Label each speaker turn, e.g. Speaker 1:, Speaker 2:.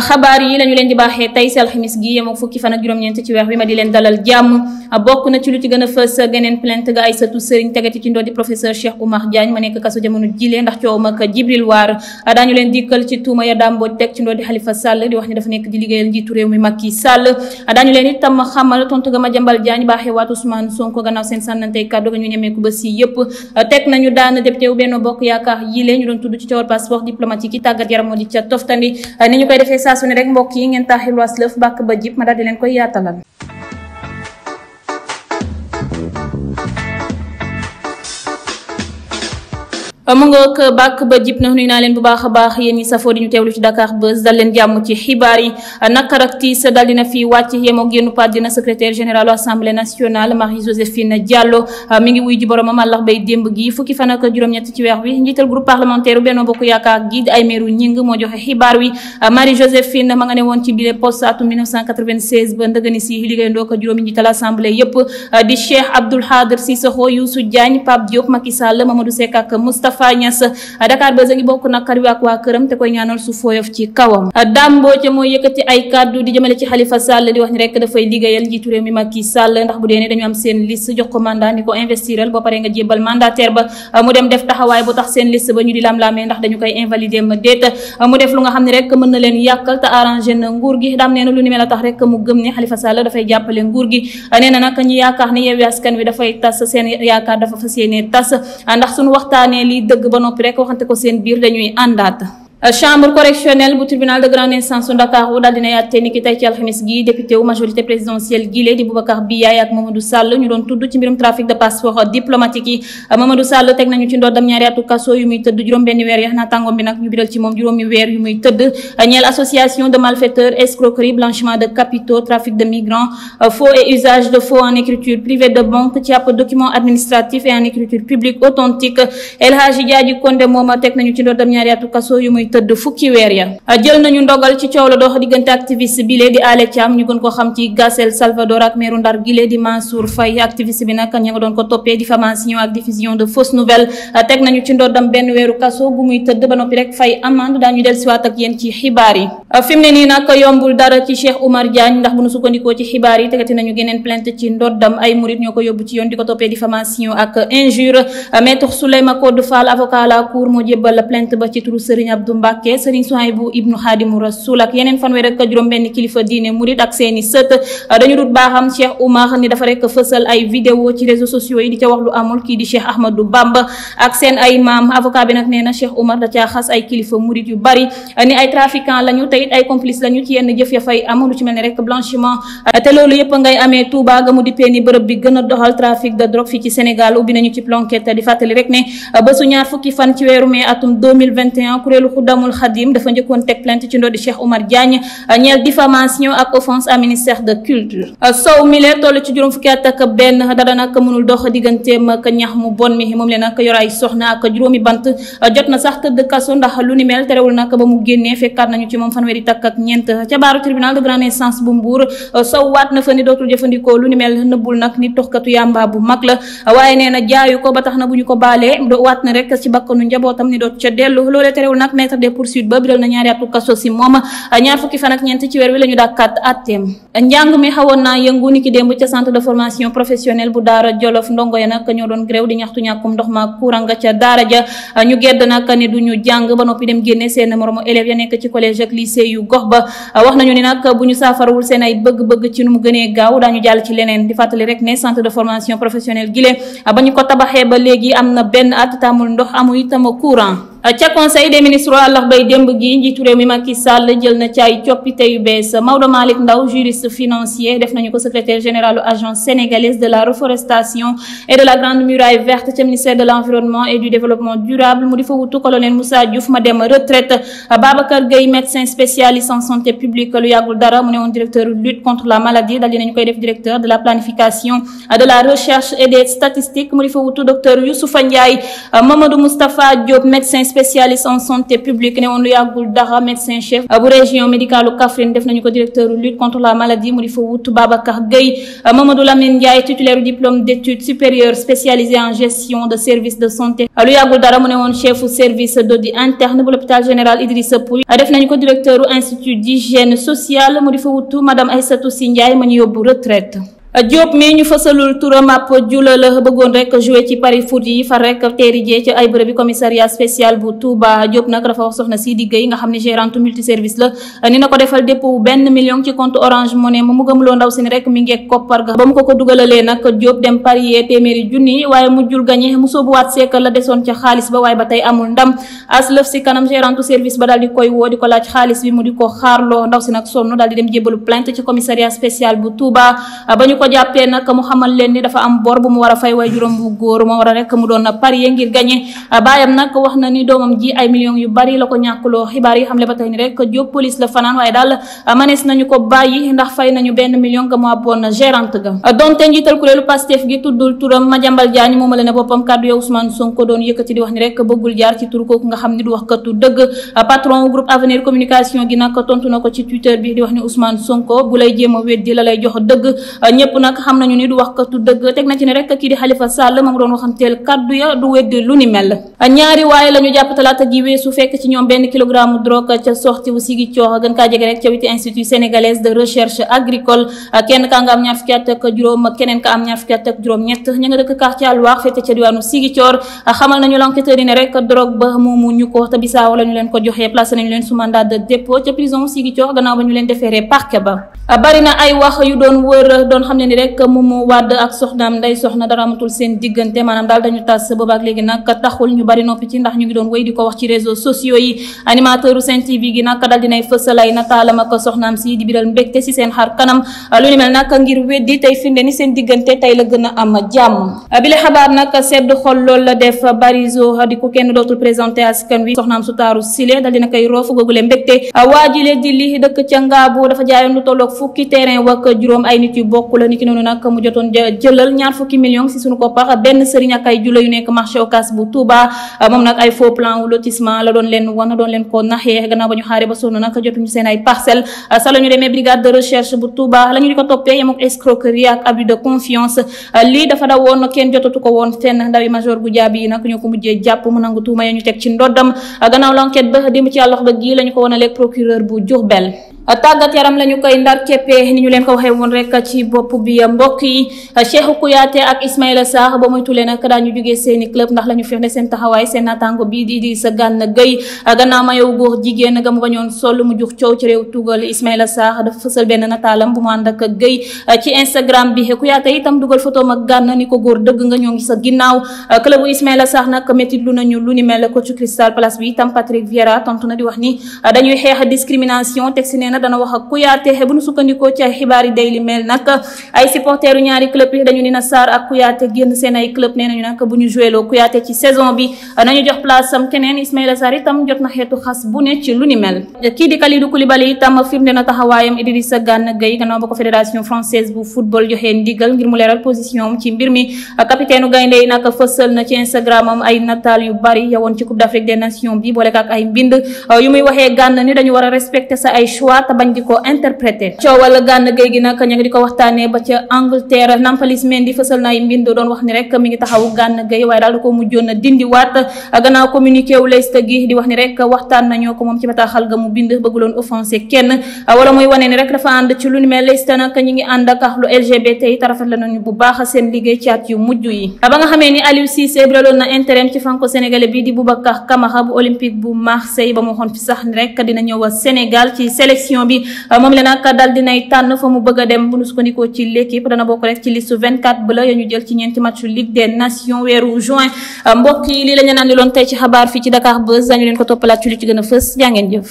Speaker 1: xabaar yi la leen di baaxee tey si alxamis gi yem fukki fan juróom-ñeent ci weer bi ma di leen dalal jàmm bokk na ci lu ci gën a fës geneen diplomatique yi tàggat yaram di ca toftandi ni ñu koy defee saa su ne mbokk yi ngeen taaxil waas lëf bàkk ba jib ma daal di leen koy yaatalal mu ba jib na nuyu naa leen bu baax a baax yéen ñi safoo di Marie Joséphine Diallo mi ngi wuy ji boromam àllax bay démb gi fukki fan ak juróom ci weer wi njiital groupe parlementaire Benno Bokk Yaakaar gi di Aymérou Gningue moo joxe wi Marie Joséphine ma nga ci bile poste atum 1996 ba ndëgëni si liggéeyandoo ko yépp di Cheikh Abdoul Khadr Youssou Diagne Pape Diop Macky Sall Mamadou Seck ak Moustapha Moustapha Niass a ngi bokk nag kar wi ak waa këram te koy ba pare nguur gi a tax rek mu gëm ni Khalifa Sall wi dafay tas seen yaakaar dafa fas yéene tas ndax suñu waxtaanee lii dëgg ba noppi rek waxante ko seen biir dañuy àndaata Euh, chambre correctionnelle bu tribunal de grande instance su Ndakaaru daal dina àtte ni ki ci alxamis gi député wu majorité présidentielle gii di Boubacar Biaye ak Mamadou Sall ñu doon tudd ci mbirum trafic de passeport diplomatique yi euh, Mamadou Sall teg nañu ci ndoddam ñaari atu kaso yu muy tëdd juróom-benn weer yax naa tàngoom bi nag ñu biral ci moom juróomi weer yu muy tëdd euh, ñeel association de malfaiteurs escroquerie blanchiment de capitaux tëdd fukki weer ya jël nañu ndogal ci coow la dox diggante activiste bi lee di Alé ñu gën ko xam ci Gazelle Salvador ak meeru Ndar gi lee di Mansour Faye activiste bi nag ña doon ko toppee diffamation ak diffusion de fausses nouvelles teg Fall avocat la cour moo jébbal plainte ba ci turu Serigne Abdou Mbàkke sëriñ Suhaybu ibnu Xaadimu Rasul ak yeneen fanweer ak juróom-benn kilifa diine murit ak seeni sët dañu dut baaxam Cheikh Oumar ni dafa rek ay maam avocat bi nag nee na Cheikh da caa xas ay kilifa murit yu bari ni ay trafiquant lañu te ay complice lañu ci yenn jëf ya fay am ci mel ne rek blanchiment te loolu yëpp ngay amee Touba ga mu di peeni bërëb bi gën a doxal trafic de drogue fii ci Sénégal ubbi nañu ci planquette Xudamul Xadim dafa njëkkoon teg plainte ci ndoddi Cheikh Oumar Diagne euh, ñeel diffamation ak offense à de culture euh, Sow Miller toll ci juróom fukki at ak benn dara euh, jot na sax tëdd kaso ndax lu ni mel terewul nag ba mu génnee fekkaat nañu ci moom fanweeri takk ak ñeent ca baaru tribunal de grande instance bu Mbour Sow waat na fa ni dootul jëfandikoo lu ni mel nëbbul nag ni toxkatu yàmba bu mag la waaye nee jaayu ko ba tax na bu ñu titre des poursuites ba biral na ñaari atu kaso si moom ñaar fukki fan ak ñeent ci weer wi la ñu dàkkaat atteem njàng mi xawoon naa yëngu ni ki ca centre de formation professionnelle bu daara jolof ndongo ya nag ñoo doon gréew di ñaxtu ñàkkum ba ci ñu mu gënee gaaw daañu jàll ci leneen di fàttali rek ne centre de formation professionnelle gile ba ñu ko tabaxee ba léegi am na benn at tamul ndox amu itam courant Euh, ca conseil des ministres àllax bay démb gi njiitu réew mi Macky Sall jël na ci ay coppite yu bees Maodo Ndaw juriste financier def nañu ko secrétaire général agence sénégalaise de la reforestation et de la grande muraille verte ca ministère de l'environnement et du développement durable mu di fa wutu colonel Moussa Diouf ma dem retraite Babacar Gueye médecin spécialiste en santé publique lu yàggul dara mu ne woon directeur lutte contre la maladie dal di spécialiste en santé publique ne woon lu yàggul dara médecin chef bu région médicalu Kaffrine def nañu ko directeur lutte contre la maladie mu di fa wut Babacar Gueye Mamadou Lamine Ndiaye titulaire diplôme d'études supérieures spécialisé en gestion de service de santé lu yàggul dara mu ne woon chefu service d'audit interne bu l'hôpital général Idrissa Pouye def nañu ko directeur institut d'hygiène sociale mu di fa wutu madame Aïssatou Sy Ndiaye ma ñu yóbbu retraite Diop mais ñu fësalul turam ab jula la bëggoon rek joué ci Paris foot yi far rek teeri jee ci ay bërëbi commissariat spécial bu Touba Diop nag dafa wax soxna Sidi Gueye nga xam ne gérante multiservice la na ko defal dépôt benn million ci compte mu gëmuloo ga ba mu ko ko dugalalee nag la desoon ca xaalis ba waaye ba tey amul ndam aslëf si kanam gérante service ba daal di koy woo di ko laaj xaalis bi mu di ko xaarloo ndaw si nag sonn daal di dem jébalu plainte ci commissariat spécial bu Touba ba ñu ko ko jàppee nag mu xamal leen ni dafa am bor bu mu war a fay way juróom bu góor moo war a rek mu doon parier ngir gagné baayam nag wax na ni doomam ji ay millions yu bari la ko ñàkkuloo xibaar yi xam le ba tey ni rek Diop police la fanaan waaye daal manees nañu ko bàyyi ndax fay nañu benn boppam kàddu yow Ousmane Sonko doon yëkkati di wax ni rek bëggul jaar ci tur kooku nga xam ni du wax katu dëgg patron groupe avenir communication gi nag tontu na ko ci Twitter bi di wax ni Ousmane Sonko bu lay jéem weddi yëpp nag xam nañu ni du wax katu dëgg teg na ci ne rek kii di Khalifa Sall moom doon waxanteel kaddu ya du weddi lu ni mel ñaari waaye la jàpp talaata ji fekk ci ñoom benn kilogramme drogue ca sorti wu sigi xamal nañu l'enquêteur yi ne rek drogue ba moomu ñu ko te bisaaw la leen ko joxee placé nañu leen su mandat de dépôt ca prison Sigicoor gannaaw ba ñu leen defeeree parquet ba bari na ay wax yu doon wër doon xam xam ne ni rek Momo Wade ak soxnaam Ndeye Soxna dara amatul seen diggante maanaam daal dañu tas boobaak léegi nag taxul ñu bari noppi ci ndax ñu ngi doon wéy di ko wax ci réseaux sociaux yi animateur seen xar kanam lu ni mel nag ngir weddi tey firnde ni seen diggante tey la gën a am jàmm bi la xabaar nag sedd xol la def barizo di ko kenn dootul présenté askan wi soxnaam su taaru sile daal dina koy roofu googule mbégte waajile di li dëkk ca dafa jaayoon lu fukki terrain wak Kolda ni ki noonu nag mu jotoon jëlal ñaar fukki millions si suñu koppar benn sëriñ ak ay yu nekk marché Ocass bu Touba moom nag ay faux plan lotissement la doon leen wan doon leen ko naxee gannaaw ba ñu xaare ba sonn nag jotuñu seen ay parcelle sa la ñu demee brigade de recherche bu Touba la di ko toppee yemook escroquerie ak abus de confiance lii dafa daw woon kenn jotatu ko woon fenn ndawi major bu jaabi yi nag ñoo ko mujjee jàpp mu nangu tuuma ya ñu teg ci ndoddam gannaaw l'enquête ba démb ci àllox ba gi la ñu ko wanalee tàggat yaram lañu koy ndar keppee ni ñu leen ko waxee woon rek ci bopp bi mbokk yi a Kouyaté ak Ismaïla Sarr ba moytulee nag daañu jógee seeni club ndax la ñu firnde seen taxawaay seen naataango bi di di sa gànn gëy gannaaw mayow góor jigéen gam wañoon sol mu jux coow ci réew tugal Ismaïla Sarr dafa fësal benn nataalam bu mu ànd ak gëy ci Instagram bi Kouyaté itam dugal photom ak gànn ni ko góor dëgg nga ñoo ngi sa ginnaaw clubu Ismaïla na nag métti na ñu lu ni mel ko ci Crystal Palace bi itam Patrick Vieira tontu na di wax ni dañuy xeex discrimination teg si nee nag dana wax ak Kouyaté bu nu sukkandikoo ci ay xibaar yi Daily Mail nag ay supporteru ñaari club yi dañu dina Sarr ak Kouyaté génn seen ay club nee nañu jox place am keneen Ismaïla Sarr itam jot na xeetu xas bu ne ci lu ni mel kii di Kalidou Koulibaly itam firnde na taxawaayam Idrissa Gana Gueye gannaaw ba na ci Instagram ay nataal yu bari yowoon ci Coupe d'Afrique des Nations bi boole ak ay mbind yu muy waxee gànn ni dañu war a respecter ay choix te bañ di ko interpréter coowal Gana Gueye gi nag ñu ngi di ko waxtaanee ba ca Angleterre Nampalys Mendy fësal na ay mbind doon wax ni rek mi ngi taxawu Gana Gueye waaye daal da ko mujjoon a dindi waat gannaaw communiqué wu leste gi di wax ni rek waxtaan nañoo ko moom ci bataaxal ga mu bind bëgguloon offensé kenn wala muy wane ni rek dafa ànd ci lu ni mel leste nag ñu ngi ànd ak lu LGBT yi tarafet la nañu bu baax seen élection bi euh, moom la nag dal dinay tànn fa mu bëgg dem bu nu sukkandikoo ci l'équipe dana bokk rek ci liste 24 bleu ya ñu jël ci ñeenti matchu Ligue des Nations weeru juin euh, mbokk yi lii la ñu naan tey ci xabaar fii ci Dakar Buzz dañu leen ko toppalaat ci lu ci gën a fës jaa ngeen